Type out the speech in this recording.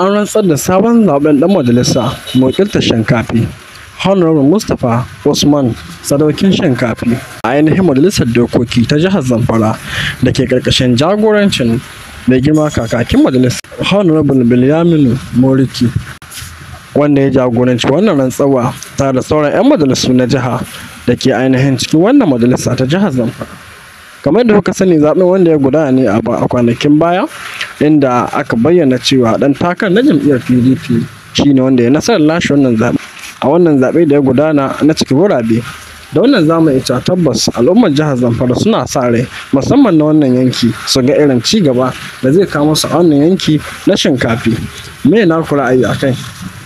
an rantsar da sabon zaben dan majalisa mai shankafi, Shinkafi, Honorable Mustapha Usman Sadaukin shankafi, a ainihin majalisar dokoki ta jihar Zamfara da ke ƙarƙashin jagorancin mai girma kakakin majalisa Honorable Bilyaminu Moriki wanda ya jagoranci wannan rantsawa tare da sauran 'yan majalisu na jiha da ke ainihin cikin wannan majalisa ta jihar Zamfara. Kamar da kuka sani zaɓen wanda ya gudana ne a kwanakin baya inda aka bayyana cewa dan takar na jam'iyyar pdp shine wanda ya nasarar lashe wannan zaɓe a wannan zaɓe da ya gudana na cikin wurabe da wannan zamu ita tabbas al'ummar jihar zamfara suna sa rai musamman na wannan yanki su ga irin ci gaba da zai kawo su a wannan yanki na shinkafi me na ku ra'ayi akai